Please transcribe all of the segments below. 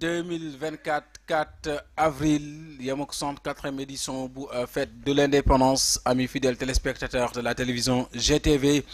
2024 4 avril Yamok ak 64e édition euh, fête de l'indépendance amis fidèles téléspectateurs de la télévision GTV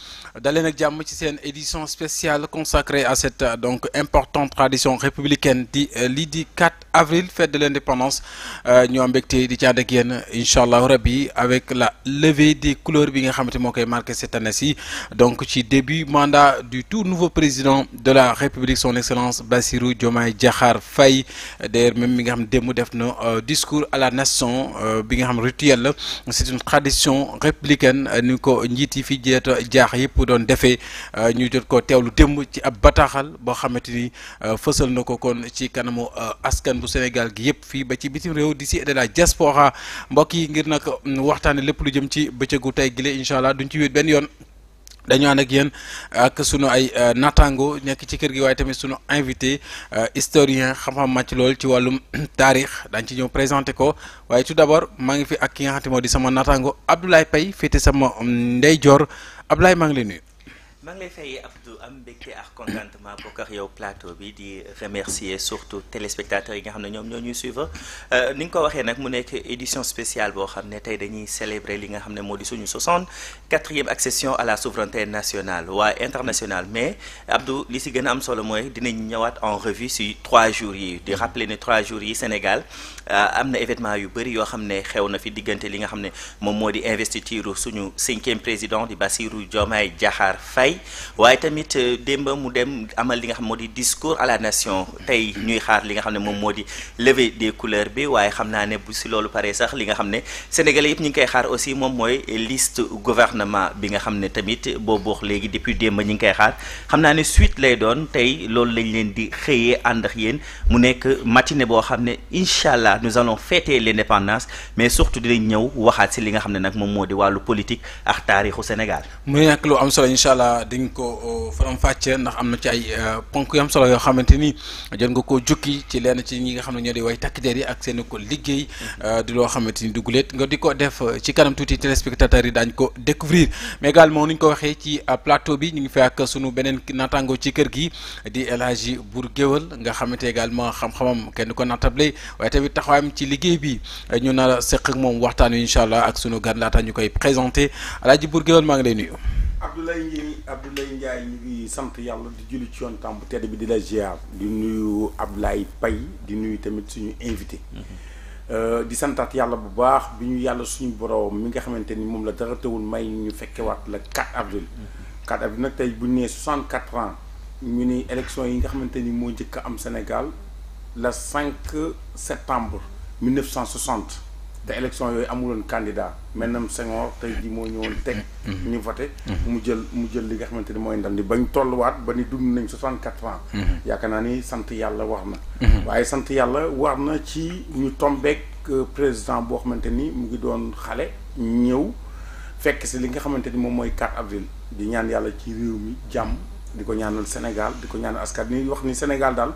dans ak c'est une édition spéciale consacrée à cette euh, donc importante tradition républicaine dit euh, 4 avril fête de l'indépendance nous avons di dit avec la levée des couleurs bi nga marqué cette année ci donc le début mandat du tout nouveau président de la république son excellence Bassirou Diomaye Diakhar Faye d'ailleurs même mi nga xam def na euh, discours à la nation euh, bi nga xam rituel la c'est une tradition républicaine euh, ni ko njiti fi jeet jaax yëpp doon defee ñu jot ko teewlu démb ci ab bataxal bo xamante ni fësal na kon ci kanamu askan bu Sénégal gi yëpp fi ba ci bitim réew d'ici et de la diaspora mbokk yi ngir nak mm, waxtane lepp lu jëm ci bëccëgu tay gile inshallah duñ ci wéet ben yoon dañu ànd ak yéen ak sunu ay euh, naataango nekk ci kër gi waaye tamit suñu invité euh, historien xam-xam màcc lool ci wàllum taarix dañ ci ñëw présenté ko waaye tout abord maa ngi fi ak ki nga xamante moo di sama naataango Abdoulaye pay féete sama mm, ndeyjoor Abdoulaye maa ngi lay nuyu. mbégte ak contentement bokk ak yow plateau bi di remercier surtout téléspectateurs yi nga xam ne ñoom ñoo ñuy suivre euh, ni nga ko waxee nag mu nekk édition spéciale boo xam ne tey dañuy célébrer li nga xam ne moo di suñu 64e accession à la souveraineté nationale waaye internationale mais Abdou li si gën a am solo mooy dinañ ñëwaat en revue si trois jours yi di rappeler ne trois jours yi Sénégal euh, am na événement yu bëri yoo xam ne xew na fi diggante li nga xam ne moom moo di investiture suñu cinquième président di Bassirou Diomaye Diakhar Faye waaye tamit. Euh, démb mu dem amal li nga xam moo discours à la nation tey ñuy xaar li nga xam ne moom moo di des couleurs bi waaye xam naa ne bu si loolu paree sax li nga xam ne sénégalais yëpp ñu ngi koy xaar aussi moom mooy liste gouvernement bi nga xam ne tamit boobu wax léegi depuis démb ñu ngi xaar xam naa suite lay doon tey loolu lañ leen di xëyee ànd ak yéen mu nekk matinée boo xam ne incha allah nous allons fêter l'indépendance mais surtout dinañ ñëw waxaat si li nga xam ne nag moom moo di wàllu politique ak taarixu Sénégal. mu nekk lu am solo incha allah dañ ko euh, fàcc ndax amna ci ay euh, ponk yu solo yo xamanteni jeun nga ko jukki ci lenn ci ñi nga xam ne ñoo di way takk der yi ak seen ko liggey euh, di lo xamanteni ni duguleet nga diko def euh, ci kanam touti téléspectateurs yi dañ ko découvrir mais également ñu ko waxé ci plateau bi ñu ngi fi ak suñu benen natango ci kër gi di El Hadji nga xamanté également xam-xamam kenn ko nattable waaye tamit taxawam ci liggey bi ñu na a seq ak moom waxtaan inshallah ak suñu gan laata ñu koy présenté El Hadji Bour ngi lay nuyu. Abdoulaye Abdoulaye Ndiaye ñu ngi sant yàlla di julli ci yoon tam bu bi di la ziar di nuyu Ablaye Paye di nuyu tamit suñu invité. Euh, di santaat yàlla bu baax bi ñu yàlla suñu borom mi nga xamanteni mom la dara teewul may ñu fekkewaat la 4 avril. 4 avril nak tay bu ñu 64 ans ñu ni élection yi nga xamanteni mo moo am Sénégal le 5 septembre 1960. te élection yooyu amuloon candidat maintenant Senghor tey jii moo ñëwoon teg. ñu voté. mu jël mu jël li nga xamante ni mooy ndam li bañ tolluwaat ba ni dund nañ 64 ans. yaakaar naa ni sant yàlla war na. waaye sant yàlla war na ci ñu tombeek euh, président boo xamante ni mu ngi doon xale ñëw fekk si li nga xamante ni moom mooy 4 avril di ñaan yàlla ci réew mi jàmm di ko ñaanal Sénégal di ko ñaanal askan ni wax ni Sénégal daal.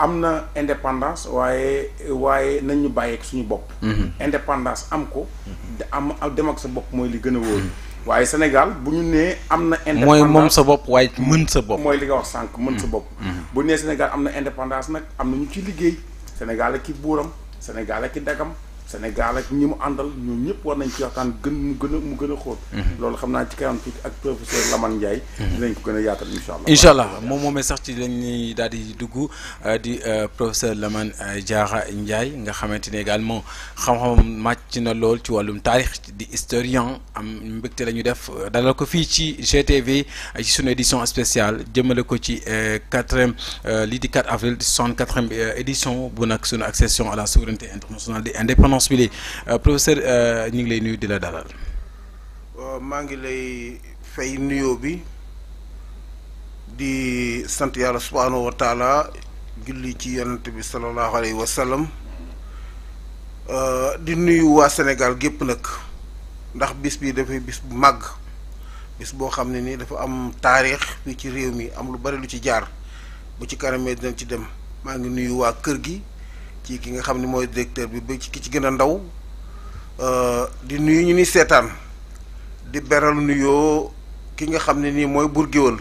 am na indépendance waaye waaye nañ ñu bàyyeek suñu bopp. Mhm. indépendance am ko. Mhm. am dem ak sa bopp mooy li gën a mhm. wóor. waaye Sénégal bu ñu nee am na. indépendance mooy moom sa bopp waaye mën sa bopp. mooy li nga wax sànq mën sa bopp. bu nee Sénégal am na indépendance nag am na ñu ci liggéey Sénégal ak i buuram Sénégal ak i dagam. Sénégal ak ñi mu àndal ñoom ñëpp war nañ ci waxtaan gën mu gën a mu gën a xóot. Mhm. loolu xam naa ci kanam tuuti ak professeur Lamane Ndiaye. Mhm. dinañ ko gën a yaatal incha allah. incha allah moom moomee sax ci lañ ñuy daal di dugg euh, di euh, professeur Lamane euh, Diarra Ndiaye nga xamante ne également xam-xamam màcc na lool ci wàllum taarix di historien am mbégte la ñu def dalal ko fii ci GTV ci sunu édition spéciale jëmale ko ci quatrième lii di 4 avril soixante e édition bu nag sunu accession à la souveraineté internationale di indépendance. conférence bi euh, euh, ñu ngi lay nuyu di la dalal. waaw maa ngi lay fay nuyo bi di sant yàlla subhaanahu wa taala julli ci yonent bi sallallahu alayhi wa sallam euh, di nuyu waa Sénégal gépp nag ndax bis bi dafay bis bu màgg bis boo xam ne ni dafa am taarix fii ci réew mi am lu bari lu ci jaar bu ci kanamee dinañ ci dem maa ngi nuyu waa kër gi ci ki nga xamni moy directeur bi ba ci ci gëna ndaw euh di nuyu ñu ni sétan di béral nuyo ki nga xamni ni moy bourguewal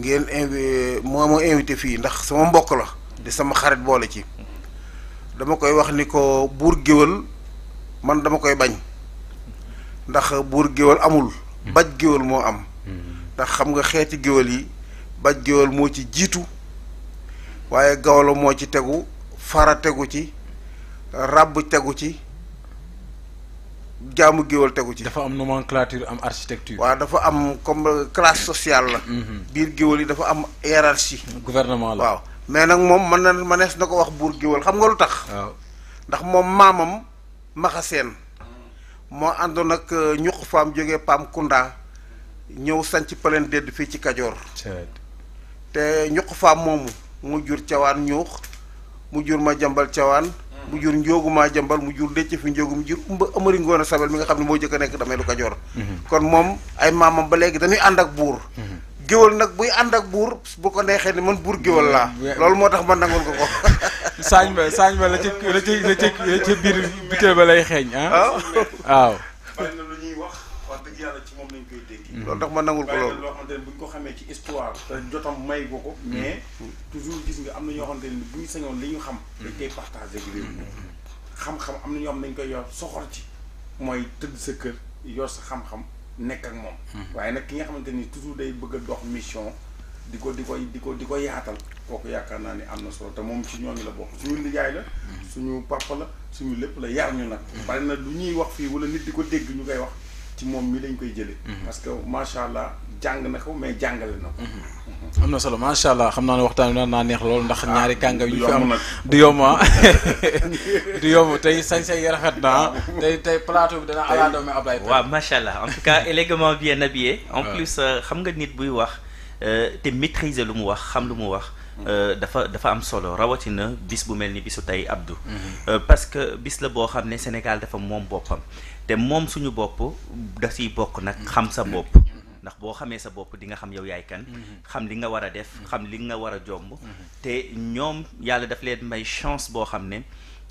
ngeen invi moo mo invité fi ndax sama mbokk la di sama xarit boole ci dama koy wax ni ko bourguewal man dama koy bañ ndax bourguewal amul baj géwél moo am ndax xam nga xeeti géwél yi baj géwél moo ci jiitu waaye gawlo moo ci tegu fara tegu ci rab tegu ci jamu géwal tegu ci dafa am nomenclature am architecture wa dafa am comme classe sociale bir mm-hmm. biir yi dafa am hiérarchie gouvernement la wa mais nak mom man na manes nako wax bour géwal xam nga lu tax ndax mom mamam makhassen mo ando nak euh, ñuk fam joge pam kunda ñëw sanc plein dedd fi ci kadior te ñuk fam mom mu jur waan ñuk mu jur ma jambal cawaan mu jur njóogu maa jambal mu jur décc fi njóogu mu jur umba amari ngoon a sabel mi nga xam ne moo jëkk a nekk damay lu ko jor mhm. kon moom ay maamam ba léegi dañuy ànd ak buur mhm. géwal nag buy ànd ak buur bu ko neexee ni man buur géwal laa loolu moo tax man nangul ko ko saañ ba saañ ba la ca la ca la ca biir biteel ba lay xeeñ ah, ah. waaw loolu tax ma nangul ko loolu. loo xamante ne bu ñu ko xamee ci histoire. te jotam may ko ko. Mm. mais mm. toujours gis nga am na ñoo xamante ne bu ñu sañoon li ñu xam. dañ koy xam-xam am na ñoo xam nañ koy yor soxor ci. mooy tëdd sa kër yor sa xam-xam nekk ak moom. Mm. waaye nag ki nga xamante ni toujours day bëgg a dox mission. di ko di ko di ko di ko yaatal kooku yaakaar naa ni am na solo te moom ci ñooñu la bokk suñu lijaay la. suñu papa la suñu lépp la yar ñu nag. bari na lu ñuy wax fii wala nit di ko dégg ñu koy wax. ci moom mi lañ koy jëlee. Mhm. parce que macha allah jàng na ko mais jàngale na ko. Mhm. am na solo macha allah xam naa ne waxtaan bi naa neex loolu ndax ah, ñaari kànga yu ñu fi am ah. du yomb tey sañ-sañ yi rafet na ah. tey tey plateau bi dana ala doomi Ablaye. waaw macha allah en tout cas élégamment bien habillé. en plus euh, xam nga nit buy wax euh, te maîtriser lu mu wax xam lu mu wax. Euh, dafa dafa am solo rawatina bis bu mel ni bisu tey Abdou. Mhm. Euh, parce que bis la boo xam ne Sénégal dafa moom boppam te moom suñu bopp da ciy bokk nag mhm. xam sa bopp. Mhm. ndax boo xamee sa bopp di nga xam yow yaay kan. xam li nga war a def xam li nga war a jomb. te ñoom yàlla daf leen may chance boo xam ne.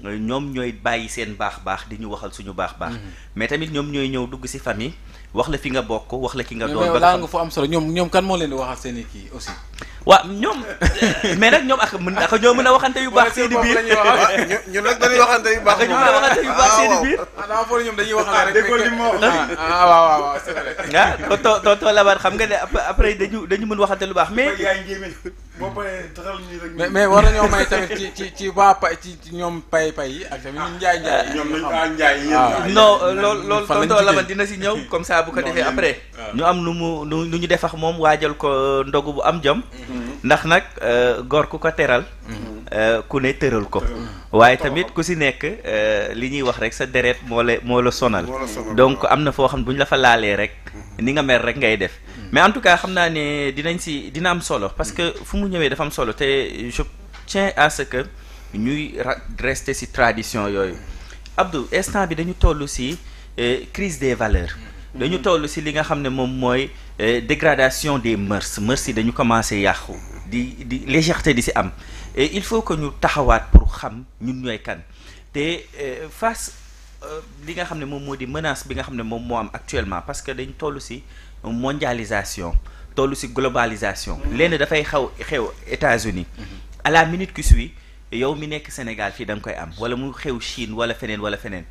ñoom ñooy bàyyi seen baax baax di ñu waxal suñu baax baax. mais tamit ñoom ñooy ñëw dugg ci famille. wax la fi nga bokk wax la ki nga doon ba nga fa am solo ñoom ñoom kan moo leen di waxal seen i kii aussi waaw ñoom mais nag ñoom ak mën ak ñoo mën a waxante yu baax seen i biir ñun nag dañuy waxante yu baax ñu a waxante yu baax seen i ñoom dañuy waxal rek déggoo li moo ah waaw waaw waaw c'est vrai ah xam nga ne après dañu dañu mën waxante lu baax mais boo paree taxal ñi rek. mais mais war nañoo may tamit ci ci ci waa pay ci ñoom pay pay yi ak tamit njaay njaay ah, yi. ñoom nañu ah njaay yi yéen. Ah. non loolu loolu tonton Lamane dina si ñëw comme ça bu ko defee après. nu ah. am nu mu nu ñu def ak moom waajal ko ndogu bu am jom. Mm-hmm. ndax nag euh, góor ku ko teral. Mm-hmm. Euh, ku ne tëral ko waaye tamit ku si nekk euh, li ñuy wax rek sa deret moo la moo la sonal donc am na foo xam bu ñu la fa laalee rek mhm. ni nga mer rek ngay def mhm. mais en tout cas xam naa ne dinañ si dina am solo parce que mhm. fu mu ñëwee dafa am solo te je tiens à ce que ñuy rester si tradition yooyu Abdou instant bi dañu toll si euh, crise des valeurs dañu toll si li nga xam ne moom mooy dégradation des mœurs mœurs yi dañu commencé yàqu di di légèreté di si am et il faut que ñu taxawat pour xam ñun ñoy kan te euh, face euh, li nga xamné mom modi menace bi nga xamné mom mo am actuellement parce que dañ tollu ci mondialisation tollu ci globalisation. Mm-hmm. lenn dafay xaw xew États-Unis mm-hmm. à la minute qui suit yow mi nekk Sénégal fii da nga koy am wala mu xew Chine wala feneen wala feneen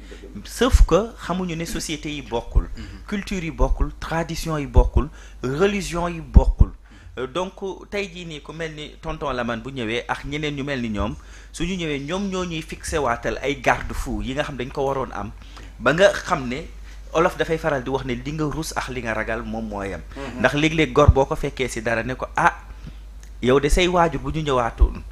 sauf que xamuñu ne société yi bokkul. Mm-hmm. culture yi bokkul tradition yi bokkul religion yi bokkul. donc tey jii nii ku mel ni tonton Lamane bu ñëwee ak ñeneen ñu mel ni ñoom su ñu ñëwee ñoom ñoo ñuy fixé waatal ay garde-fou yi nga xam dañ ko waroon am ba nga xam ne olof dafay faral di wax ne li nga rus ak li nga ragal moom mooyam mhm. ndax léeg-léeg gor boo ko fekkee si dara ne ko ah yow de say waajur bu ñu ñëwaatoon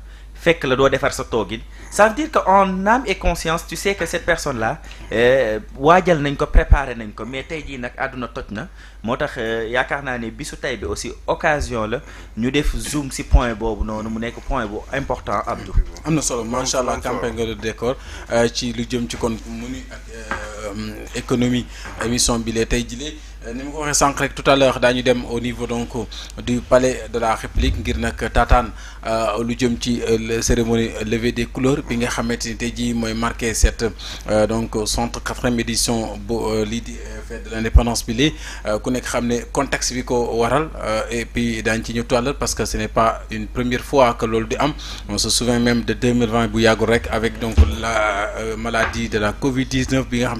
que le la de defar sa guide ça veut dire qu'en âme et conscience tu sais que cette personne là euh, waajal n'est ko préparer n'est ko mais tey jii nag àdduna toj na moo euh, ne bisu tay bi aussi occasion la ñu def zoom ci point bobu nonu mu nek point bu important Abdou. amna solo machallah campagne de décor euh, ci lu jëm ci kon muni ak économie émission bi lé tey euh, Nous avons ko tout à l'heure Daniel dem au niveau donc euh, du palais de la république ngir tatan taataan euh, lu jëm ci cérémonie levée des couleurs bi nga xamante ni marqué cette donc cent quatrième édition de l'indépendance bi lii ku contexte bi ko et puis daañ tout à l'heure parce que ce n'est pas une première fois que l'oldeam. on se souvient même de 2020 bu avec donc la maladie de la Covid 19 bi nga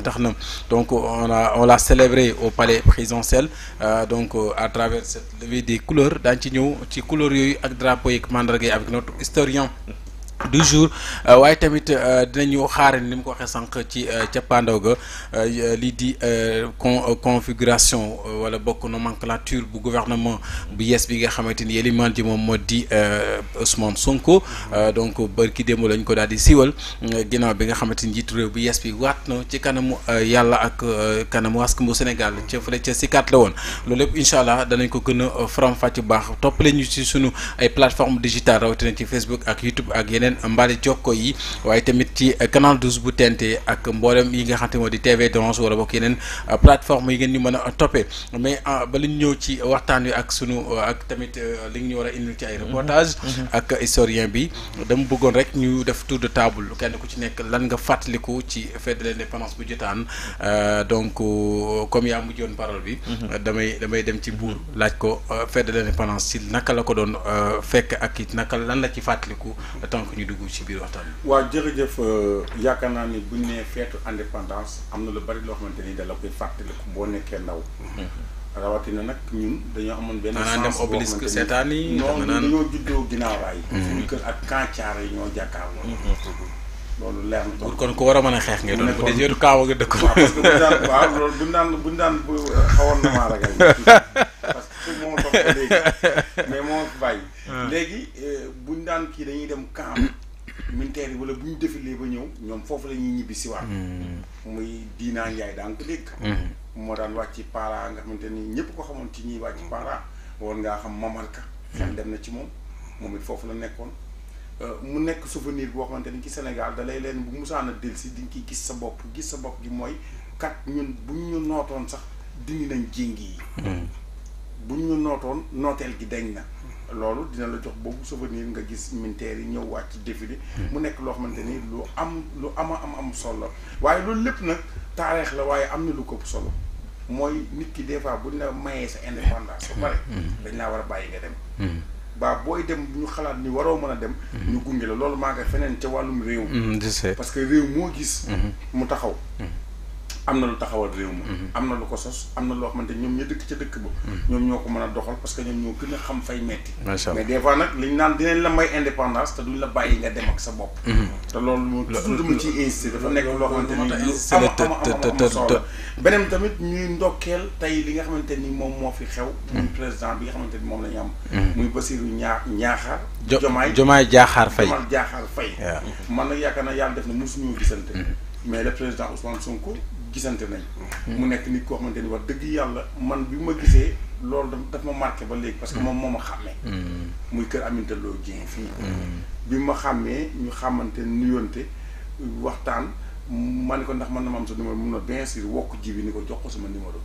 donc on a on l'a célébré au palais euh, donc euh, à travers cette levée des couleurs dans ci ñeu ci couleurs yoy ak drapeau et mandragay avec notre historien du jour euh, waye tamit euh, dinañu xaaral ni configuration euh, wala bokk nomenclature bu gouvernement bu yes bi nga Ousmane Sonko donc barki Demo lañ ko daldi siwal bi nga xamanteni jitu rew plateforme digitale Facebook ak seen mbaari yi waye tamit ci canal 12 bu tenté ak mboolem yi nga xanté modi TV D'orange wala bok yenen euh, plateforme yi ngeen ñu mëna topé mais euh, ba li ñu ñëw ci waxtaan wi ak suñu euh, ak tamit li ñu war ci ay reportage mhm. mhm. ak historien bi dama bëggon rek ñu def tour de table kenn ku ci nekk lan nga fàttaliku ci fête de l'indépendance bu jotaan donc comme yaa mujjoon parole bi mhm. damay damay dem ci bour laaj ko fête de l'indépendance ci naka la ko doon fekk ak it naka lan la ci fàttaliku tant ñu dugg ci biir waxtaan bi. waaw jërëjëf euh, yaakaar naa ni bu ñu nee feetu indépendance am na lu bari loo xamante ni dala koy fàttaliku boo nekkee ndaw. Mm-hmm. rawatina nag ñun dañoo amoon benn. sens dem obélisque seetaan yi noonu dañoo juddoo ginnaaw raay. Mm-hmm. suñu kër kàncaar yi ñoo jàkkaarloo. Mm-hmm. loolu leer na kon ku war a mën a xeex nga doon bu dee yow dëkk. waaw ñu daan waaw loolu bu ñu daan bu ñu daan euh, xawoon na maa ragal moom topp moo bàyyi ah. léegi daan ki dañuy dem camp militaire wala buñu ñu défilé ba ñew ñom fofu lañuy ñibi ci si waat hmm. muy diinaa njaay daan ko dégg hmm. mo daan ci para nga xamanteni ñepp ko xamone ci ñi wacc para won nga xam mamalka hmm. xel dem na ci mom momit fofu la nekkon euh mu nekk souvenir bo xamanteni ci Sénégal da lay leen bu na delsi ci diñ ki gis sa bop gis sa bop gi moy kat ñun buñu ñu sax dindi nañ jingi buñu ñu gi deñ na loolu dina la jox boobu nii nga gis militaires yi ñëw wàcc défilé mu nekk loo xamante ni lu am lu ama am am solo waaye loolu lépp nag taarix la waaye am na lu ko solo mooy nit ki des fois buñ la mayee sa indépendance ba pare hmm. Hmm. dañ laa war a bàyyi nga dem hmm. baa booy dem ñu xalaat ni waroo mën a dem ñu gunge la loolu maa nga feneen ca wàllum réew parce que réew moo gis mu taxaw am na lu taxawal réew ma mhm. am na lu ko sos am na loo xamante ñoom ña dëkk ca dëkk ba mhm. ñoom ñoo ko mën a doxal parce que ñoom ñoo gën a xam fay metti mais des fois nag liñ naan la bàyyi nga dem ak sa bopp mhm. te loolu moo dama dafa nekk loo xamante ni solo beneen tamit ñuy ndokkeel tey li nga xamante ni moom moo fi xew muy président bi nga xamante ni moom lañu am muy Basiru ñaa ñaaxaar jomaay jomaay jaaxaar fay jomaay jaaxaar fay man nag yaakaar naa yàlla def na mosuñoo gisante mais le président Ousmane Sonko gisante nañ. Mm. mu nekk nit koo xamante ni wax dëgg yàlla man bi ma gisee loolu daf ma marqué ba léegi parce que moom mm. moo ma xàmmee. Mm. muy kër Aminta Lo Dieng fii. bi ma xàmmee ñu xamante nuyonte waxtaan ma ko ndax man na ma am sa numéro mun na bien sûr wokk ji ni ko jox ko sama numéro.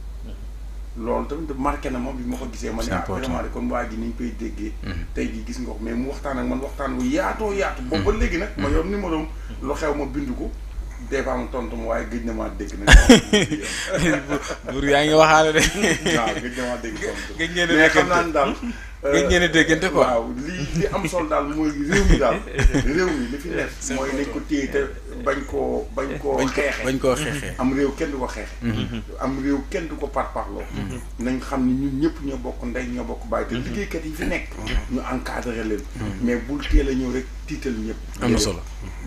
loolu tamit marqué na moom bi ma ko gisee. ma ne ah vraiment kon waa ji ni ñu koy déggee. tey jii gis nga ko mais mu waxtaan ak man waxtaan bu yaatoo yaatu. boobu léegi nag ma yor numéro am. lu xew des fois mu tontu ma waaye gëj na maa dégg nag. buur yaa ngi waxaale de. waaw gëj na maa dégg tontu. gëj ngeen a xam naa ne daal. gëj ngeen a euh, déggante quoi. li am solo daal mooy réew mi li fi nekk mooy nañ ko téye te bañ koo bañ koo. xeexee bañ koo xeexee. am réew kenn du ko xeexee. Mm-hmm. Mm-hmm. am réew kenn du ko parparloo. Mm-hmm. nañ xam ne ñun ñëpp ñoo bokk ndey ñoo bokk bàyyi te liggéeykat yi fi nekk. ñu encadré leen. mais bul teel a ñëw rek tiital ñëpp. am solo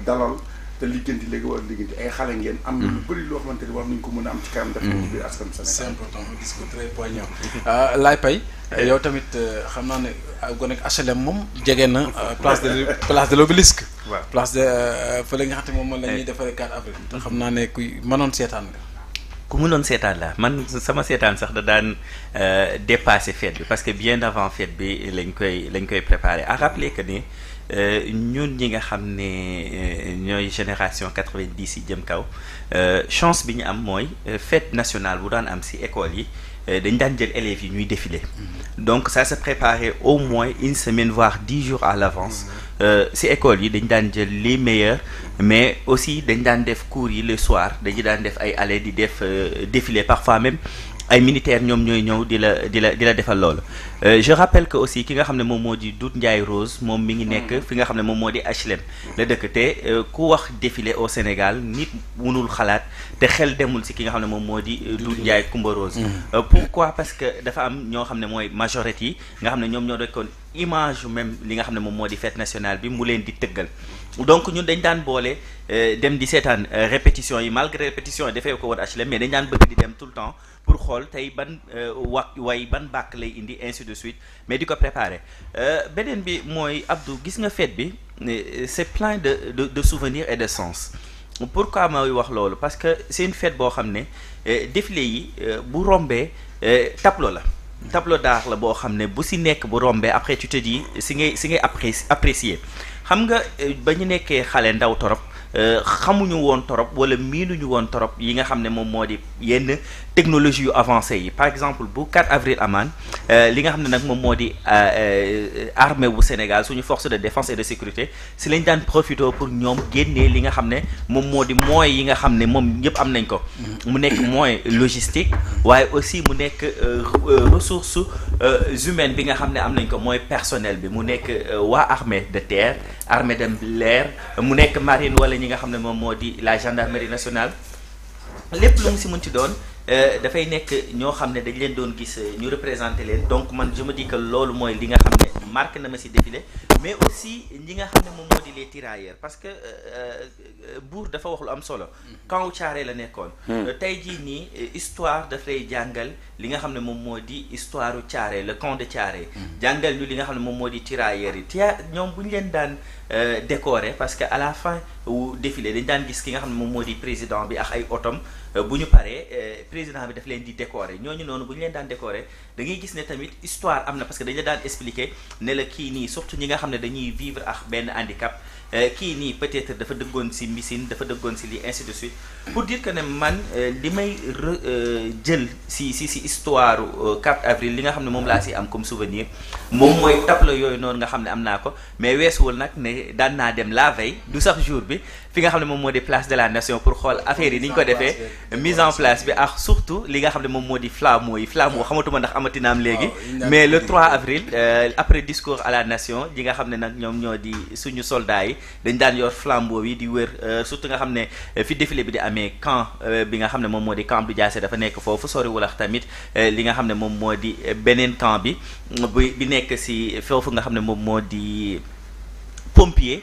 dalal. te liggéenti léegi war a liggéenti ay xale ngeen. am na lu mm-hmm. bëri loo xamante ni war nañ ko mën a am ci kanam. def ko mm-hmm. biir askan Sénégal. c'est important un discours très poignant. Mm-hmm. Ah, Laye Paye yow tamit euh, xam naa ne ah, gone HLM moom jege na euh, place de place de l'obélisque. waaw place de euh, fële nga xam ne moom la ñuy defaree 4 avril. te xam naa ne kuy mënoon seetaan nga. ku mënoon seetaan la man sama seetaan sax da daan dépasser fête bi parce que bien avant fête bi lañ koy lañ koy préparer à rappeler que ni. Euh, ñun ñi nga xamné ne euh, génération 90 vingt jëm kaw euh, chance biñu am moy fête nationale bu daan am ci école yi dañ daan jël élèves yi ñuy défilé mm-hmm. donc ça se préparait au moins une semaine voire dix jours à l'avance mm-hmm. ci école yi dañ daan jël les meilleurs mais aussi dañ daan def cours yi le soir dañu daan def ay allées di def défilé parfois même ay militaires ñom ñoy ñew di la di la di la defal lolu euh, je rappelle que aussi ki nga xam mom modi moo di Rose mom mi ngi nek mm. fi nga xam mom modi HLM la deuk té euh, ku wax défilé au Sénégal nit munul xalat té xel demul si ki nga xam mom modi moo di euh, Doudou Rose mm. pourquoi parce que dafa am ño xam moy majorité nga xam ñom ño ñoo image même li nga xam mom modi fête nationale bi mu len di tëggal donc ñun dañ daan boole dem di sétane répétition yi malgré répétition yi ko woon HLM mais dañ daan bëgg di dem tout le temps pour xool tey ban way ban bàkk lay indi ainsi de suite mais du coup préparer euh, benen bi moy Abdou gis nga fête bi euh, c'est plein de de souvenirs et de sens pourquoi mooy wax lolu parce que c'est une fête bo xamné ne euh, défilé yi bu tableau la tableau d'art la bo xamné bu si nek bu après tu te dis si ngay si ngay apprécier xam nga bañu xalé ndaw torop xamuñu woon torop wala miinuñu woon torop yi nga xam ne moom moo di yenn technologie yu avancé yi par exemple bu 4 avril amaan euh, li nga xam ne nag moom moo di euh, euh, armée bu Sénégal suñu force de défense et de sécurité si lañ daan profité pour ñoom génnee li nga xam ne moom moo di moyens yi nga xam ne moom ñëpp am nañ ko mu nekk moyen logistique waaye aussi mu nekk ressource humaine bi nga xam ne am nañ ko mooy personnel bi mu nekk waa armee de terre armée dem leer mu nekk marine wala ñi nga xam ne moom moo di la gendarmerie nationale lépp lu mu si mën ti doon Euh, da fay nek ño ne dañ leen doon gis euh, ñu représenter leen donc man je me dis que loolu mooy li nga xam marque na ma ci défilé mais aussi ñi nga xam mom modi les tirailleurs parce que euh, buur dafa wax lu am solo. kaw mm-hmm. caare la nekkoon. Mm. tey jii nii histoire da fay jangal li nga xam mom modi moo di histoire caare le camp de caare. Mm-hmm. jangal ñu li nga xam mom modi tirailleurs yi tia ah, ñoom leen daan décorer parce que à la fin ou défilé dañ daan gis ki nga xam mom modi président bi ak ay autom euh, bu ñu paree euh, président bi daf leen di décorer ñooñu noonu bu ñu leen daan décorer da ngay gis ne tamit histoire am na parce que dañ la daan expliquer ne la kii nii surtout ñi nga xam ne dañuy vivre ak benn handicap euh, kii nii peut-être dafa dëggoon ci machine dafa dëggoon ci lii ainsi de suite pour dire que ne man li may jël ci ci ci histoire 4 avril li nga xam ne moom laa ci am comme souvenir moom mooy tableau yooyu noonu nga xam ne am naa ko mais weesuwul nag ne daan naa dem la veille du sax jour bi fi nga xam ne moom moo di place de la nation pour xool affaire yi ni ñu ko defee mise en place bi ak surtout li nga xam ne moom moo di flammeau yi flammeau xamatuma ndax amatinaam léegi mais le 3 avril euh, après discours à la nation yi nga xam ne nag ñoom ñoo di suñu soldats yi dañ daan yor flambeau yi di wër euh, surtout nga xam ne euh, fi défilé bi di amee camp bi nga xam ne moom moo di camp du Diassé dafa nekk foofu sori wulax tamit li nga xam ne moom moo di beneen camp bi bi bi nekk si foofu nga xam ne moom moo di pompier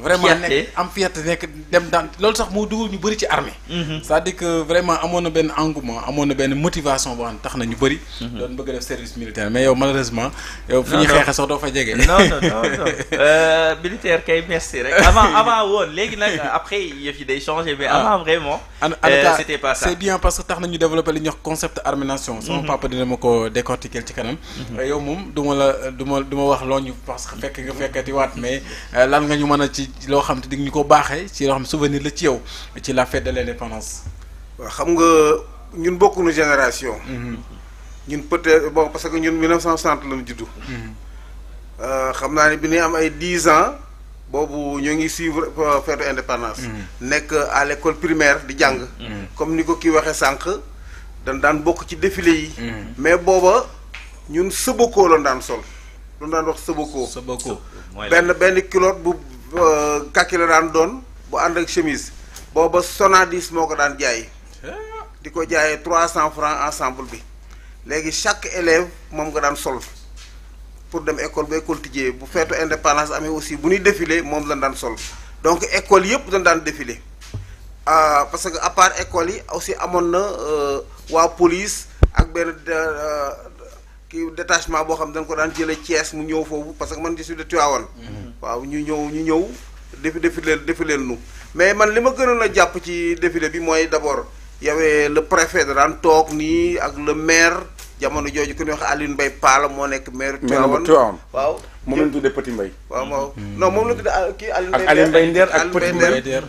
vraiment nek am fierté nekk dem dans loolu sax moo dugal ñu bëri ci armée mhm. c'est-à-dire que vraiment amoon na engouement amoon na motivation bo xam tax na ñu bari mhm. doon bëgg def service militaire mais yow malheureusement yow fu ñuy sax do fa jege non non non euh, militaire kay merci rek avant avant won légui nak après yëf yi day changé mais ah. avant vraiment euh, c'était pas ça c'est bien parce que tax na ñu développer li ñuy concept armée nation son mhm. papa dina mako ko décortiquer ci kanam euh, yow mom duma la duma duma wax loñu parce que fekk nga fekkati wat mais lan nga ñu mëna ci ci loo xam la fête de l'indépendance. Nous avons beaucoup de générations. parce que 1960 Nous avons 10 ans pour faire euh, de l'indépendance. fête mhm. à l'école primaire de Yang. Mhm. comme nous ko kii nous mhm. mais nous ñun sëbëkoo le sol. Nous avons wax sol. Euh, kaki la dan bu ak chemise booba Sonadis moko dan daan jaay di ko trois francs ensemble bi légui chaque élève mom nga dan sol pour dem école ba école tijjee bu feetu indépendance amé aussi bu ni défilé mom la dan sol donc école yépp dan dan défilé euh, parce que à part école yi aussi amoon na euh, wa police ak kii détachement boo xam dañ ko daan jëlee Thiès mu ñëw foofu parce que man je suis de Tivaouane mhm. waaw ñu ñëw ñu ñëw defi defi leen nu mais man li ma gënoon a jàpp ci défilé bi mooy d'abord y avait le préfet da daan toog nii ak le maire jamono jooju ku ñuy wax Alioune Mbaye Paala moo nekk maire Tivaouane waaw moom la ñu tuddee Petit Mbaye waaw waaw non moom la ñu tuddee ah, kii Alioune Mbaye Nder ak Petit Mbaye bay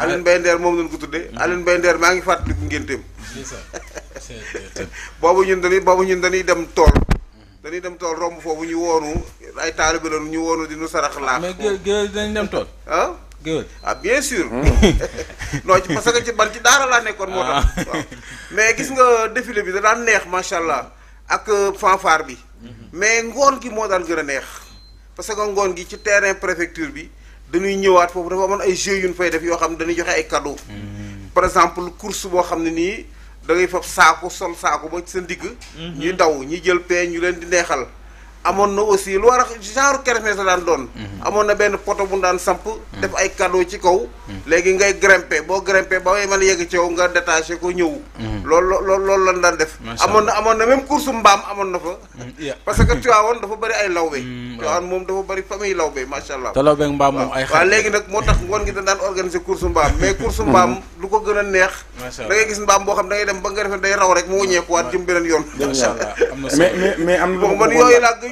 Alioune moom la ñu ko tuddee mm-hmm. Alioune bay Nder maa ngi fàttaliku ngénteem boobu ñun dañuy boobu ñun dañuy dem tool dañuy dem tool romb foofu ñu woonu ay taalibe la ñu woonu di nu sarax laa mais dañuy dem tool ah géwél ah bien sûr. Hmm. non ci parce ci ban ci daara laa nekkoon. moo tax ah. mais gis nga défilé bi da neex macha allah ak euh, fanfare bi. Hmm. mais ngoon gi moo daan gën a neex. parce que ngoon gi ci terrain préfecture bi dañuy ñëwaat foofu dafa amoon ay jeux yu fay def yoo xam ne dañuy joxe ay kaddu hmm. par exemple course boo xam ne nii dangay ngay fab saako sol saako ba ci sa ndigg. ñuy daw ñi jël pee ñu leen di neexal. amon na aussi lo wax genre kermesse la daan doon. Mhm. amoon na ben photo bu daan samp. Mhm. def ay cadeau ci kaw. Mhm. legui ngay grimper bo grimper ba way man yegg ci yow nga détaché ko ñew lool lool lan dan def. amon na amon na même course mbam amon na fa. parce que tu Tivaouane dafa bari ay lawbe. tu mm, Tivaouane mom dafa bari famille lawbe machallah allah. te lawbe mbaam moom ay xal legui nak motax ngon gi dan organiser course mbam mais course mbam lu ko gëna neex. da ngay gis mbam bo xam da ngay dem ba nga def day raw rek mu wëññeekuwaat jëm beneen yoon. mais mais mais am na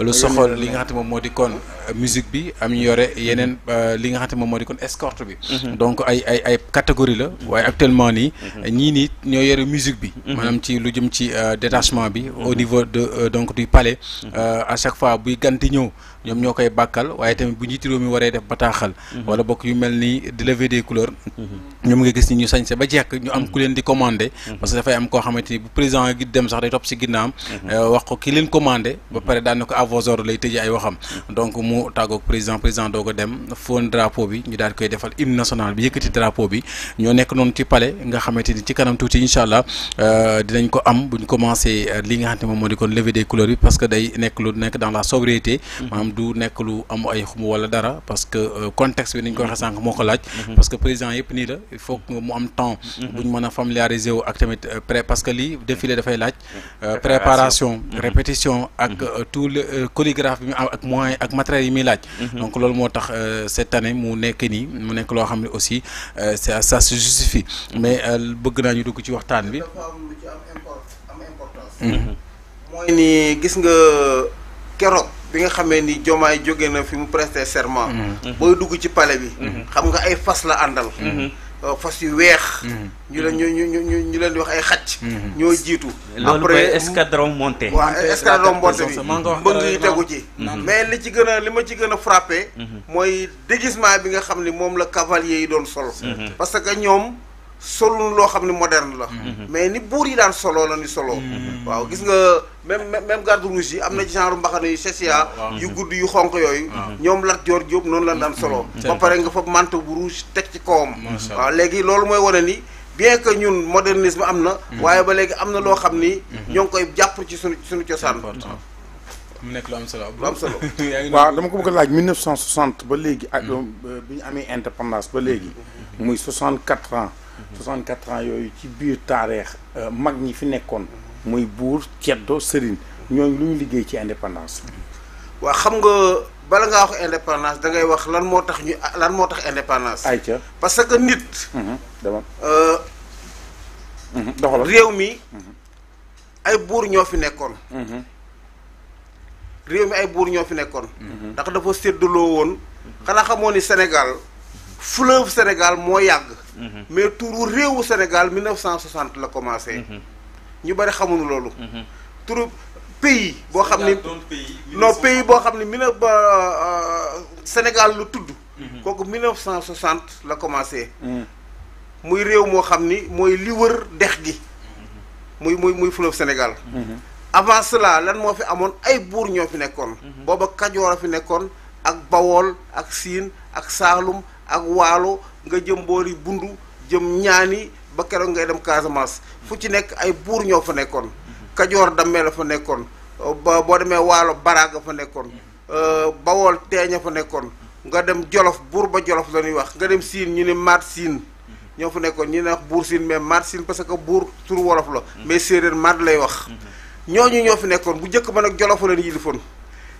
lu soxal li nga xam te moom moo di kon euh, musique bi am ñu yore yeneen euh, li nga xam te moom moo di kon escorte bi mhm. donc ay ay ay catégorie la mhm. waaye actuellement nii mhm. ñii nii ñoo yore musique bi maanaam ci lu jëm ci euh, détachement bi au niveau de donc du palais à chaque fois buy ganti ñëw ñom ñokay bakkal waye tamit bu njiitu réew mi waree def bataxal mhm. wala bokk yu melni ni di lever des couleurs mhm. ñom nga gis ni ñu sañse ba jekk ñu am mhm. ku leen di commander parce que da fay am ko xamanteni bu président gi dem sax day top ci ginnaam euh, wax ko ki leen commander ba paré da naka à vos ordres lay tëjee ay waxam donc mu tàggoog président président dogo dem fon drapeau bi ñu daal koy defal hymne national bi yëkëti drapeau bi ño nek non ci palais nga xamanteni ci kanam tuuti inshallah allah euh, dinañ ko am buñ commencé euh, li nga xamanteni moom modi kon lever des couleurs bi parce que day nek lu nek dans la sobriété maanaam du nekk lu am ay xum wala dara parce que euh, contexte bi niñ ko waxee moko laaj. Mhm. parce que président yëpp ni la il faut que mu am temps. Mhm. buñ mëna mën familiariser ak tamit euh, pré parce que li défilé fay laaj. Euh, préparation mhm. répétition ak tout le chorégraphe bi ak moyens ak matériel yi mi laaj. donc loolu motax cette année mu nek ni mu nek lo xamni aussi ça ça se justifie mais bëgg naa ñu dugg ci waxtaan bi. moy ni gis nga. keroog bi nga xamee ni jomaa jóge na fi mu prester serment. Mm-hmm. Mm-hmm. booy dugg ci palais bi. Mm-hmm. xam nga ay fas la àndal. Euh, fas yu weex. ñu leen ñu ñu ñu ñu leen di wax ay xacc. ñoo jiitu. après escadron monté. waaw escadron monté bi mbëng yi tegu ci. mais li ci gën a li ma ci gën a frappé. mooy déguisement bi nga xam ni moom la cavalier yi doon solo. parce ñoom. solul loo xam ne moderne la. Mhm. Mhm. mais ni buur yi daan solo la ni solo. Mhm. waaw gis nga même même garde rouge yi am na genre mbaxana yu sesia yu gudd yu xonq yooyu. ñoom Lat Joor Jóob noonu la daan solo. ba pare nga fa manteau bu rouge teg ci kawam. waaw léegi loolu mooy wane ni. bien que ñun modernisme am na. waaye ba léegi am na loo xam ni. ñoo ngi koy jàpp ci suñu suñu cosaan. mu nekk lu am solo lu am solo. waaw dama ko bëgg a laaj 1960 ba léegi. ak ah, euh, bi ñu amee indépendance ba léegi. muy 64 ans. 64 ans yooyu ci biir taareex euh, mag ñi fi nekkoon muy buur ceddo sëriñ ñooñu lu ñu liggéey ci indépendance waa xam nga bala ngaa wax indépendance da ngay wax lan moo tax ñu lan moo tax indépendance ayca parce que nit mhm, dama euh, mhm, mhm. réew mi ay buur ñoo fi nekkoon réew mi ay buur ñoo fi nekkoon ndax dafa séddaloo woon xanaa xamoo ni Sénégal fleuve Sénégal moo yàgg. Mhm. mais turu réewu Sénégal 1960 la commencé. Mhm. ñu bari xamuñu loolu. Mhm. turu pays boo xam ni non pays boo xam ni mille neuf euh, Sénégal lu tudd. kooku 1960 la commencé. muy réew moo xam ni mooy li wër dex gi. muy muy muy fleuve Sénégal. avant cela lan moo fi amoon ay buur ñoo fi nekkoon. booba Kajoor a fi nekkoon ak Bawol ak Siin ak Saalum. ak waalo nga jëm boori bundu jëm ñaani ba kéro ngay dem casamance fu ci nek ay bour ñoo fa nekkoon kajoor dammee la fa nekkon bo boo demee baraga fa nekkon mm-hmm. euh bawol téña fa nekkon nga dem jolof bour ba jolof la ñuy wax nga dem sin ñu ni mat sin mm-hmm. ñoo fa nekkon ñi nak bour sin mais mat sin parce que bour tur wolof la mm-hmm. mais séeréer mat lay wax ñooñu ñoo fi nekkon bu jëk ba nak jolof la ñu yilifoon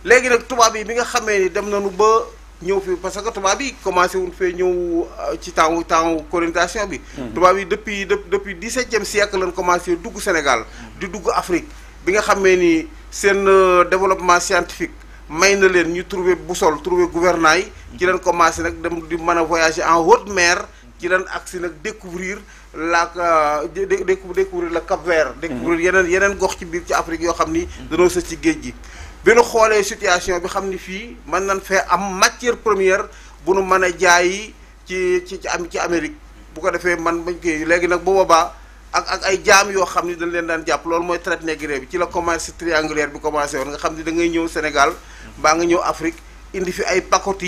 léegi nag tubaab yi bi nga xamé ni dem nañu ba ñëw fi parce que tubaab yi commencé wuñ fee ñëw euh, ci temps temps colonisation bi. Hmm. tubaab depuis depuis 17e siècle lañ commencé dugg Sénégal. du dugg Afrique bi nga xamee ni seen euh, développement scientifique may na leen ñu trouver boussole trouver gouvernail ci lañ commencé nag dem di mën voyager en haute mer. ci lañ agsi nag découvrir la euh, découvrir le Cap-Vert. découvrir hmm. yeneen yeneen gox ci biir ci Afrique yoo xam ni. Hmm. danoo ci géej bi nu xoolee situation bi xamni fi man nan nañ am matière première bu nu mën jaay ci ci ci am ci amerique bu ko defé man bañ ko légui nak bu boba ak ak ay jaam yo xamni dañ leen daan japp lool moy traite négrier bi ci la commerce triangulaire bi commencé won nga xamni da ngay ñew Sénégal ba nga ñew Afrique indi fi ay pakot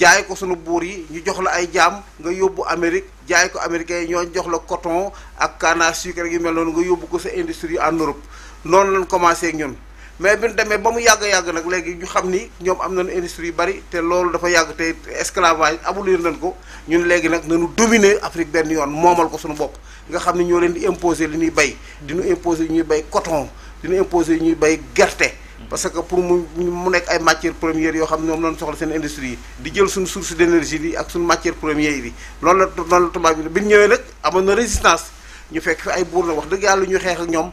jaay ko sunu bour yi ñu jox la ay jaam nga yobbu amerique jaay ko américain ñoo jox la coton ak canard sucre yu mel non nga yobbu ko sa industrie en Europe non lañ commencé ak ñun. mais bi ñu demee ba mu yàgg yàgg nag léegi ñu xam ni ñoom am na industrie yu bari te loolu dafa yàgg te esclavage abolir nañ ko ñun léegi nag na nu dominer Afrique benn yoon moomal ko suñu bopp nga xam ne ñoo leen di imposer li ñu bay diñu imposer ñuy bay coton diñu imposer ñuy bay gerte. parce que pour mu mu nekk ay matières premières yoo xam ne ñoom lañ soxla seen industrie yi di jël suñu source d'énergie bi ak suñu matières premières yi loolu la loolu la ne bi bi ñëwee nag amoon na résistance ñu fekk fi ay buur na wax dëgg yàlla ñuy xeex ak ñoom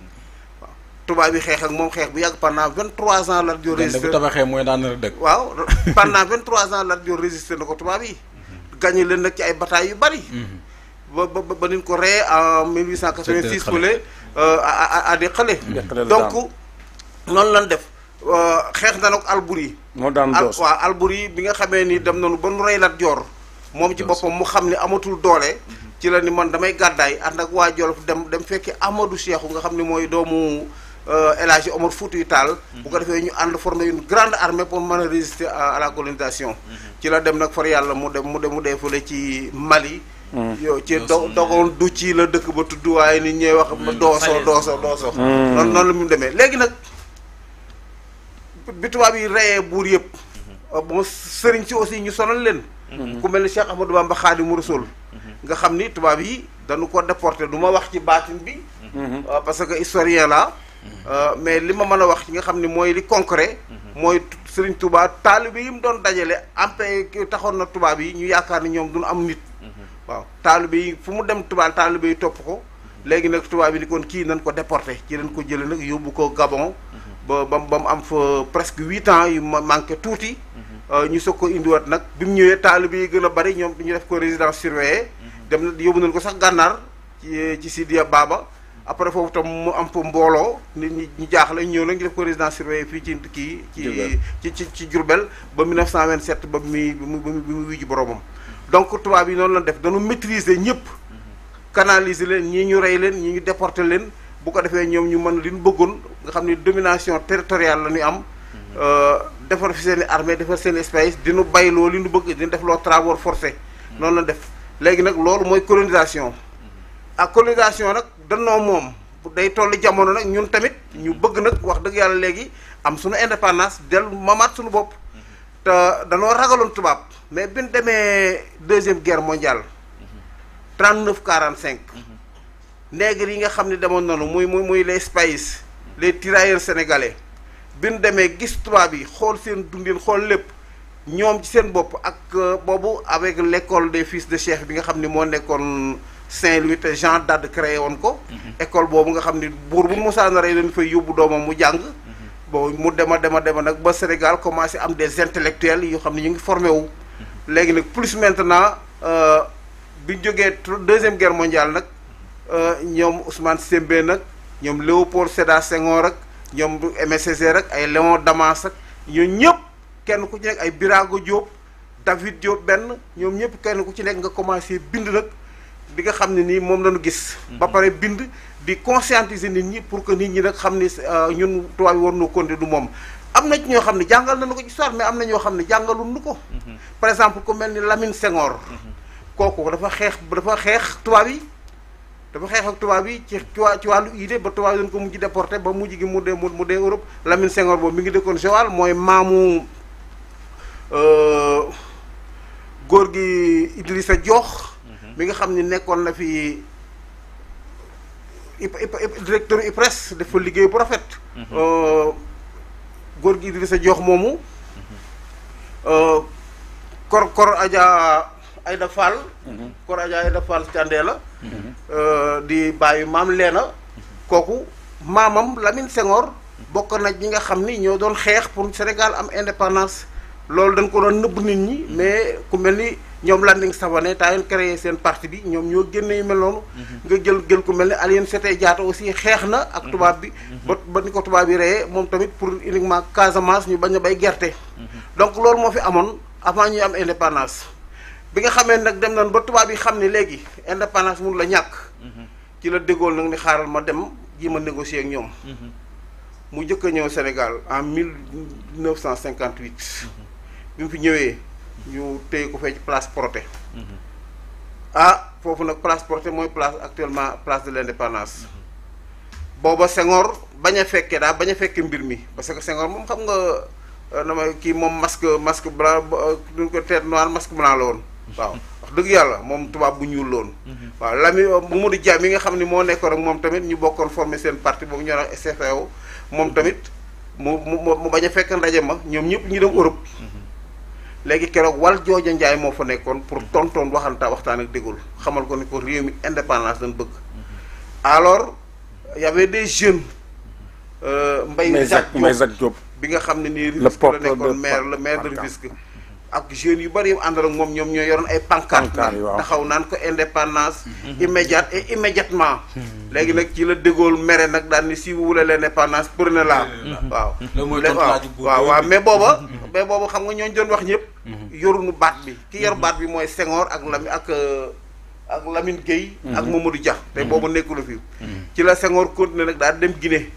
tubaab yi xeex ak mom xex bu yàgg pendant 23 ans Lat Joor résister bu xex moy daan na deug waaw pendant 23 ans Lat Joor résister na ko tubaab gagné leen nak ci ay batailles yu bari ba ba ko ré en 1886 fële euh, à à des xale mm-hmm. donc non lan def euh, xex na nak Alburi moo daan doos waaw Alburi bi nga xamé ni dem nañu ba nu rey Lat Joor moom ci boppam mu xamni amatul doole mm-hmm. ci la ni man damay gaday ànd ak waa Jolof dem dem fekki Amadou Cheikhou nga xamni moy doomu Euh, El Hadj Omar Foutiyou Tall. bu defee ñu ànd former une grande armée pour mën a résister à la colonisation. Mhm. ci la dem nag far yàlla mu dem mu dem mu dee fële ci Mali. Mhm. yow ci do du ci la dëkk ba tudd waaye nit ñooy wax. Mhm. dooso dooso dooso. noonu la mu demee léegi nag bi tubaab yi reyee buur yëpp. bon sëriñ si aussi ñu sonal leen. ku mel ni Cheikh Ahmadou Bamba Khadimu Rasul nga xam ni tubaab yi dañu ko déporté du ma wax ci baatin bi. Euh, parce que historien la Euh, mais li ma mën a wax ci nga xam ne mooy li concret. mooy Serigne Touba taalibe yi mu doon dajale ampe taxoon na tubaab yi ñu yaakaar ni ñoom duñu am nit. waaw taalibe yi fu mu dem tubaab taalibe yi topp ko. léegi nag tubaab yi ni kon kii nañ ko déporté ci lañ ko jëlee nag yóbbu ko Gabon. ba ba mu am fa presque huit ans yu ma manqué tuuti. Euh, ñu soog ko indiwaat nag bi mu ñëwee taalibe yi gën a bari ñoom ñu def ko résidence surveillée. dem na yóbbu nañ ko sax gànnaar ci ci Sidiya Baba. après foofu tam mu am fa mbooloo nit ñi ñu jaaxle ñëw la ngi def ko résidence surveillée fii ci kii. ci ci ci jurubel ba 1927 ba muy ba muy wuyu ji boromam. donc tubaab yi noonu la def dañu maîtriser ñëpp. canaliser leen ñii ñu rey leen ñii ñu déporter leen bu ko defee ñoom ñu mën li ñu bëggoon nga xam ni domination territoriale la ñu am. Euh, defar fi seen i armée defar seen espace dinu bayloo li ñu bëgg dinu def loo travaux forcés. noonu la def léegi nag loolu mooy colonisation. Mm-hmm. ak ah, colonisation nag. danoo moom day toll jamono nag ñun tamit ñu bëgg nag wax dëgg yàlla léegi am suñu indépendance dellu mamaat suñu bopp te danoo ragaloon tubaab mais bi demee deuxième guerre mondiale 39 45 nègre yi nga xam ne demoon noonu muy muy muy les spies les tirailleurs sénégalais bi demee gis tubaab yi xool seen dundin xool lépp ñoom ci seen bopp ak euh, boobu avec l'école de fils de chef bi nga xam ni moo nekkoon Saint-Louis te Jean Dade créé woon ko. école boobu nga xam ni buur bu mosaan rey leen fay yóbbu doomam mu jàng. bon mu dema dema dema nag ba Sénégal commencé am des intellectuels yoo xam ne ñu ngi formé wu. léegi nag plus maintenant euh, bi ñu jógee deuxième guerre mondiale nag euh, ñoom Ousmane Sembène nag ñoom Léopold Sédar Senghor rek ñoom Aimé Césaire ak ay Léon Damas ak ñoom ñëpp kenn ku ci nekk ay Birago Diop David Diop benn ñoom ñëpp kenn ku ci nekk nga commencé bind nag. bi nga xamni ni mom lañu gis. Mhm. ba paré bind di conscientiser nit ñi pour que nit ñi nak xamni ni euh, ñun tubaab war no konte du mom amna ci ñoo xamni jangal nañu ci soir mais amna na ñoo xam ne ko. Mhm. par exemple ku melni Lamine Senghor. Mhm. koku dafa xex dafa xex tubaab bi dafa xex ak tubaab bi ci ci walu idée ba tubaab dañ ko mujj déporter ba mujj gi mu dé mu dé Europe Lamine Senghor bo mi ngi dëkkoon Joal mooy maamu euh, góor gi Idrissa diokh bi nga xamni nekkon nekkoon na fi directeur IPRES dafa liggéey bu rafet. Mhm. Euh, góor gi Idrissa momu mhm. euh kor kor aja Aïda Fall. Mhm. kor aja Aïda Fall Candé euh di bàyyi mam lena koku mamam Lamine Senghor. bokk na ñi nga xamni ño doon xex pour senegal am indépendance lolou dañ ko doon neub nit ñi mais ku melni ñom landing savané ta yoon créé seen parti bi ñom ñoo génne yu mel noonu mhm. nga jël jël ku melni alien cété jaato aussi xeex na ak mhm. tubab bi mhm. ba ba ni ko tubab bi réé mom tamit pour uniquement Casamance ñu baña bay guerté donc lool mo fi amone avant ñu am indépendance bi nga xamé nak dem nañ ba tubab bi xam légui indépendance mënu la ñak ci la dégol nak ni xaaral ma dem ji ma négocier ak ñom mu jëk ñëw Sénégal en 1958 bi mu fi ñëwé ñu tey ku fee ci place Protet. Mhm. ah foofu nag place Protet mooy place actuellement place de l'indépendance. Mhm. booba Senghor bañ a fekkee daal bañ a fekkee mbir mi parce que Senghor moom xam nga euh, na kii moom masque masque blanc euh, duñ ko tête noire masque blanc la woon. Mhm. waaw wax dëgg yàlla moom tubaab bu ñuul loon waaw mu euh, Mamadou Dia mi nga xam ne moo nekkoon ak moom tamit ñu bokkoon formé seen parti boobu ñoo a SFAO moom tamit mu mu mu bañ a fekk ndaje ma ñoom ñëpp ñu dem Europe. léegi keroog wal jooja njaay moo fa nekkoon pour tontoon waxanta waxtaan ak dégul xamal ko ni ko réew mi indépendance lañ bëgg alors y avait des jeunes euh, Mbaye Jacques Diop bi nga xam ne nii Rufisque la nekkoon maire la maire de Rufisque ak jeunes yu bari yu àndal ak moom ñoom ñoo yoroon ay pancarte taxaw naan ko indépendance mhm. immédiate et immédiatement mhm. léegi nag ci la dégool mere nag daal ni si vous voulez l'indépendance prenez-la mhm. waaw waaw mais booba mais boobu xam nga ñooñ doon wax ñëpp. Mhm. yoruñu baat bi. ki yor mhm. baat bi mooy Senghor ak Lami ak euh, ak Lamine Gueye. Mhm. ak Mamadou Dia. te boobu nekkul fi. ci la Senghor continué nag daal dem gine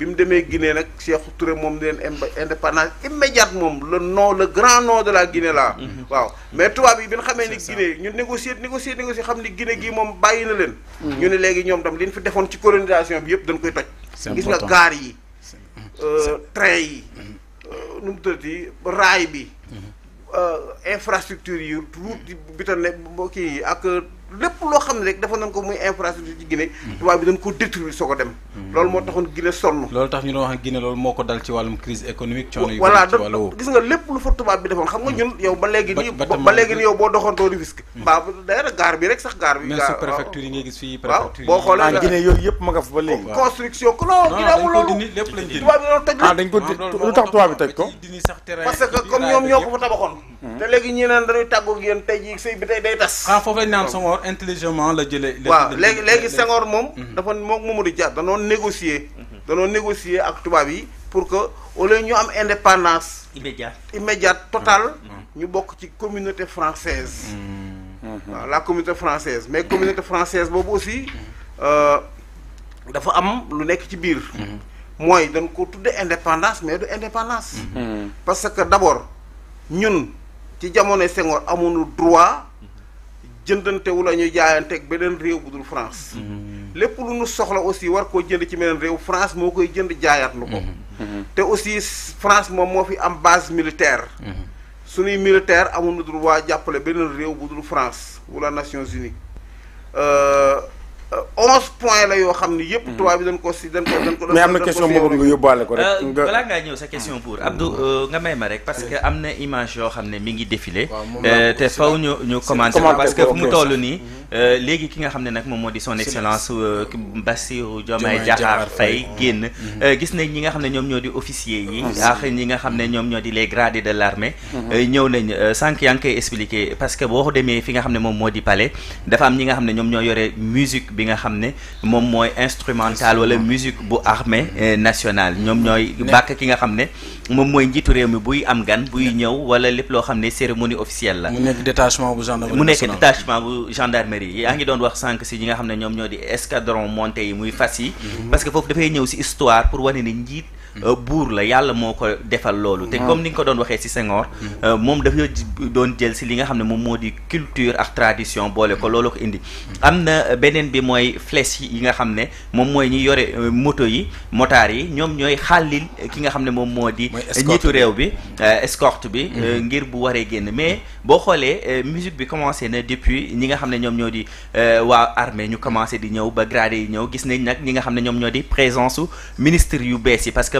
bi mu demee Guinée nag Cheikh ture moom leen indépendance immédiate moom le nom la grand nom de la Guinée la waaw mais tubaab yi bi nga xamee ni Guinée ñu négocier négocier négocier xam ni gine gii moom bàyyi na leen. ñu ne léegi ñoom tam li ñu fi defoon ci colonisation bi yëpp dañ koy toj. gis nga gaar yi euh, train yi. nu mu tëddee raay bi. Mhm. Euh, infrastructure yi route bi tam ne kii ak. lépp loo xam ne rek defoon nañ ko muy infrastructure ci Guinée. Mm. tubaab bi dañ ko détruire soo ko dem. Mm. loolu moo taxoon Guinée sonn. loolu tax ñu doon wax moo ko dal ci wàllum lépp lu fa tubaab bi defoon xam nga mm. ñun yow yi ngay gis fii. préfecture yi waaw boo xoolee ah, ko non Guinée amul loolu. ah dañ ah, tax tubaab bi toj ko. parce que comme ñoom ñoo ko fa tabaxoon Mm-hmm. té légui ñi naan dañuy taggu ak yéen tay ji sey bi tay day tass ah foofu ñaan naan Senghor intelligemment la jëlee. waaw légui légui Senghor mom mm-hmm. dafa moom Mamadou Dia danoo négocier. Mm-hmm. danoo négocier ak tubaab yi pour que au lieu ñu am indépendance. immédiate immédiate totale. ñu bok ci communauté française la communauté française mais communauté française bobu aussi euh dafa am lu nekk ci biir. moy dañ ko tudde indépendance mais du indépendance. parce que d'abord ñun. ci jamono Senghor amuñu droit jëndante wu la ñuy jaayanteeg beneen réew bu France. Mm-hmm. lépp lu ñu soxla aussi war koo jënd ci beneen réew France moo koy jënd jaayaat lu ko. Mm-hmm. Mm-hmm. te aussi France moom moo fi am base militaire. suñuy militaire amuñu droit jàppale beneen réew bu dul France wala Nations Unies. Euh, Euh, onze points la yo, xam ni yëpp. Mhm. tubaab bi dañ ko si dañ ko dañ ko. mais am question boobu nga yobale ko rek. Euh, nga balaa ngaa sa question pour Abdou mhm. euh, nga may ma rek parce que amna image yo xamné mi ngi défilé. té faw ñu ñu commencé parce que fu tollu ni nii. Mhm. léegi ki nga xamné nak mom modi son excellence Bassirou Diomaye Diakhar Faye génn. gis nañ ñi nga xamné ñom ñoom di officier yi. ak ñi nga xamné ñom ñoom di les gradés de l'armée. ñew nañ sank yaa expliquer parce que bo demee fi nga xamné mom modi palais dafa am ñi nga xamné ñom ñoom yoré musique bi nga xamné mom moy instrumental wala musique bu armée eh, nationale ñom ñoy bàkk ki nga xamné mom moy njitu njiitu réew mi buy am gan buy ñew wala lépp lo xamné cérémonie officielle la mu nekk détachement bu gendarmerie mu nekk détachement bu gendarmerie yaa ngi doon wax sànq ci nga xamné ñom ñoy di escadron monté yi muy fas yi mhm. parce que foofu dafay ñew ci histoire pour wane ni njit euh, bour la yalla moko defal lolou te ah. comme ni nga ko doon waxe ci Senghor mm. euh, moom dafa doon jël ci li nga xam mom modi culture ak tradition boole ko lolou ko indi mm. amna benen bi moy flèche yi nga xam mom moy mooy ñi yore euh, moto yi motar yi ñom ñoy xalil ki nga xam mom modi moo rew bi escorte bi mm. ngir bu waré genn mais bo xolé musique bi commencé na depuis ñi nga xam ñom ñodi wa armée ñu commencé di ñew ba gradé yi ñëw gis nañ nak ñi nga xam ñom ñodi présence ministre yu bees parce que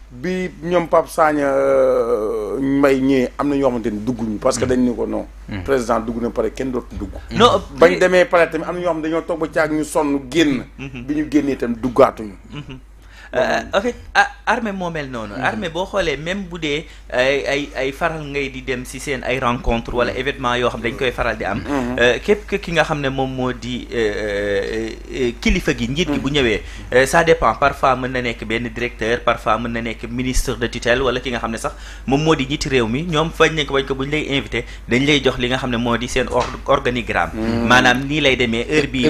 bii ñoom Pape Sagna euh, mbay ñëwee am na ñoo xamante ni dugguñu parce que mm. dañ ni ko non. Mm. président dugg na pare kenn dootu dugg. non euh, bañ demee pare tamit am na ñoo xam dañoo toog ba caag ñu sonn génn. Mm-hmm. bi ñu génnee itam duggaatuñu. Mm-hmm. Euh, ok ah, armée moi mhm. même non armée même Boudé ay ay faral ngay di dem ci sen ay rencontre wala mhm. événement yo xam dañ koy faral di am que mhm. euh, ki nga a euh, euh, kilifa gi ça dépend parfois na directeur parfois na ministre de tutelle wala ki nga sax mi invité dañ lay jox li nga organigramme lay heure bi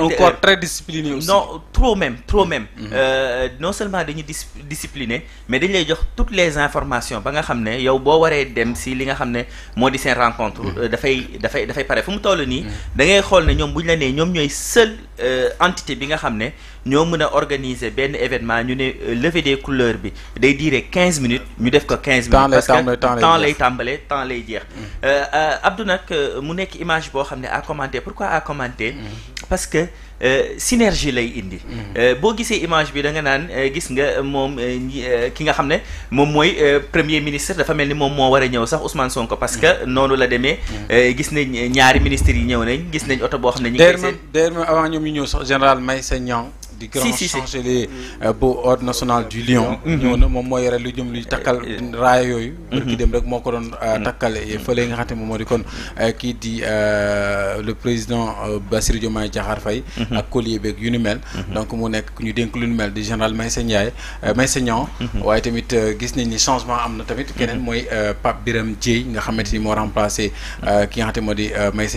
encore très discipliné aussi non trop même même trop même. Euh, non seulement dañuy dis discipliné mais dañ lay jox toutes les informations ba nga xam ne yow boo waree dem si li nga xam ne moo di seen rencontre. Mm-hmm. Euh, dafay dafay dafay pare fu mu toll nii. da ngay xool ne ñoom bu ñu la nee ñoom ñooy seul euh, entité bi nga xam ne ñoo mën a organiser benn événement ñu ne euh, lever des couleurs bi day dire 15 minutes ñu def ko 15 minutes. parce que temps lay tàmbale temps lay jeex. Mm-hmm. Euh, Abdou nag mu nekk image boo xam ne à commenter pourquoi à commenter. Mm-hmm. parce que euh, synergie lay indi. Mm. Euh, boo gisee image bi da nga naan euh, gis nga moom ki nga xam ne moom mooy premier ministre dafa mel ni moom moo war a ñëw sax usman sonk parce que mm. noonu la demee. Mm. gis nañ ñaari ministres yi ñëw ne gis nañ oto boo xam ne. ñu ngi seen d'ailleurs avant ñoom ñu ñëw sax général Meissa Niang. di grand chancelier euh, beau ordre national du Lion mhm. ñëw na moom moo yore lu jëm lu takal eh, eh. raay yoyu mhm. barki dem rek moko don doon euh, mhm. takkal fële nga xam te moom di kon euh, ki di le président Bassirou Diomaye Diakhar Faye ak collier beeg yu mel donc mu nek ñu denk lu ñu mel di général Meïssa Ndiaye Meïssa Niang waye tamit gis nañ ni changement amna tamit kenen moy Pape Birame Dieye nga xamante ni moo remplacé ki nga xam te moo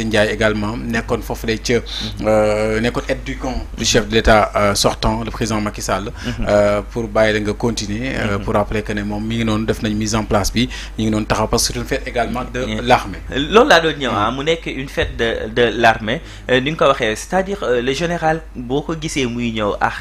Ndiaye également nekkoon fofu lay ci nekkoon aide du con. du chef de l'État euh, sortant le président Macky Sall. Mhm. Euh, pour bàyyi de nga continuer. Euh, mhm. pour rappeler que nous moom mi ngi mise en place bi ñu ngi noonu taxaw une fête également de l'armée. lola laa doon ñëw hein, mu une fête de de l'armée ni nga c'est-à-dire le général Boko ko gisee muy ñëw ah,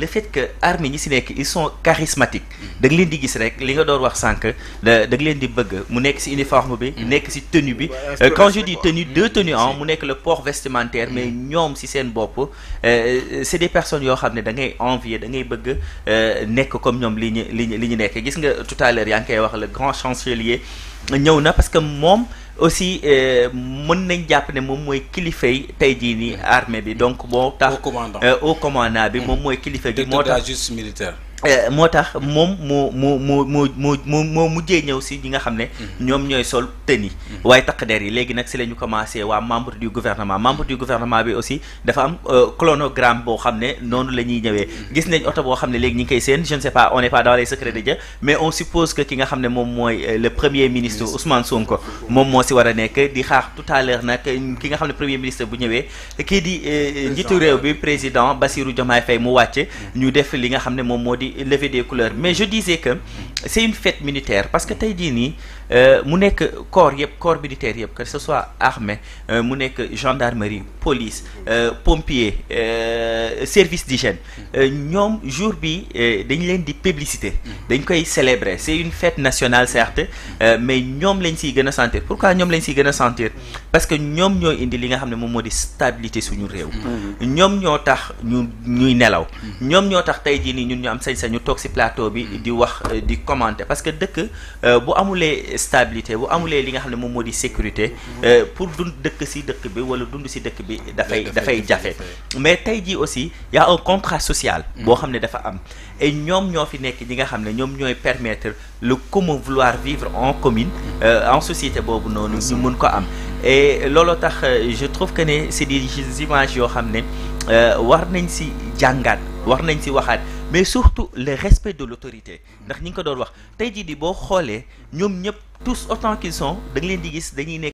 le fait que armée ñi si nekk ils sont charismatiques mm. de nga leen di gis rek li nga doon wax sànq da nga di bëgg si uniforme bi. Mm. nekk tenue bi. quand je dis tenue deux tenues ah mu nekk le port vestimentaire mais ñoom si seen Euh, euh, c'est des personnes yo xamné da ngay envier da ngay bëgg euh, nek comme ñom li ñu li ñu li gis nga tout à l'heure yankay wax le grand chancelier ñëw na parce que mom aussi euh, mën nañ japp né mom moy kilifa yi tey jii nii armée bi donc bon tax au commandant au commandant bi mmh. moom mooy kilifa gi moo juste militaire eh, moo tax moom moo moo moo moo moo moo moo mujjee ñëw si ñi nga xam ne mhm. ñoom ñooy sol tëni mhm. waaye takk der yi léegi nag si la ñu commencé waa membre du gouvernement membre du gouvernement bi aussi dafa am euh, chronogramme boo xam ne noonu la ñuy ñëwee mhm. gis nañ oto boo xam ne léegi ñu ngi koy seen je ne sais pas on n'est pas dans les secrets de Dieu mais on suppose que ki nga xam ne moom mooy euh, le premier ministre Ousmane Sonko moom moo si war a nekk di xaar tout à l'heure nag ki nga xam ne premier ministre bu ñëwee kii di euh, njiitu réew bi président Bassirou Diomaye Faye mu wàcc ñu def li nga xam ne moom moo di lever des couleurs mais je disais que c'est une fête militaire parce que Taïdini, euh, mu nekk corps yëpp corps militaire yëpp que ce soit armée euh, mu nekk gendarmerie police euh, pompier service d'hygiène ñoom jour bi dañ leen di publicité dañ koy célébrer c'est une fête nationale certes mais nous lañ ci gëna sentir pourquoi nous lañ ci gëna sentir parce que nous ñoo indi li nga xamné mom modi stabilité suñu réew ñom ñoo tax ñu ñuy nelaw ñom ñoo tax tay jii nii ñun ñu am sañ ñu tok ci plateau bi di wax di commenter parce que dëkk bu amulé stabilité bu amulé li nga à mom modi moo sécurité euh, pour dund dëkk ci dëkk bi wala dund ci dëkk bi da fay jafé mais tey jii aussi y a un contrat social mm. bo xamné dafa am et ñom ñoo fi nekk ñi nga xamné ñom ñoy permettre le comment vouloir vivre en commune mm. euh, en société bobu nonu ñu mun ko am et lolo tax euh, je trouve que c'est des images yo xamné war nañ ci jangat war nañ ci waxat mais surtout le respect de l'autorité ndax ñi nga ko doon wax tey jii di boo xoolee ñoom ñëpp tous autant qu'ils sont da nga leen di gis dañuy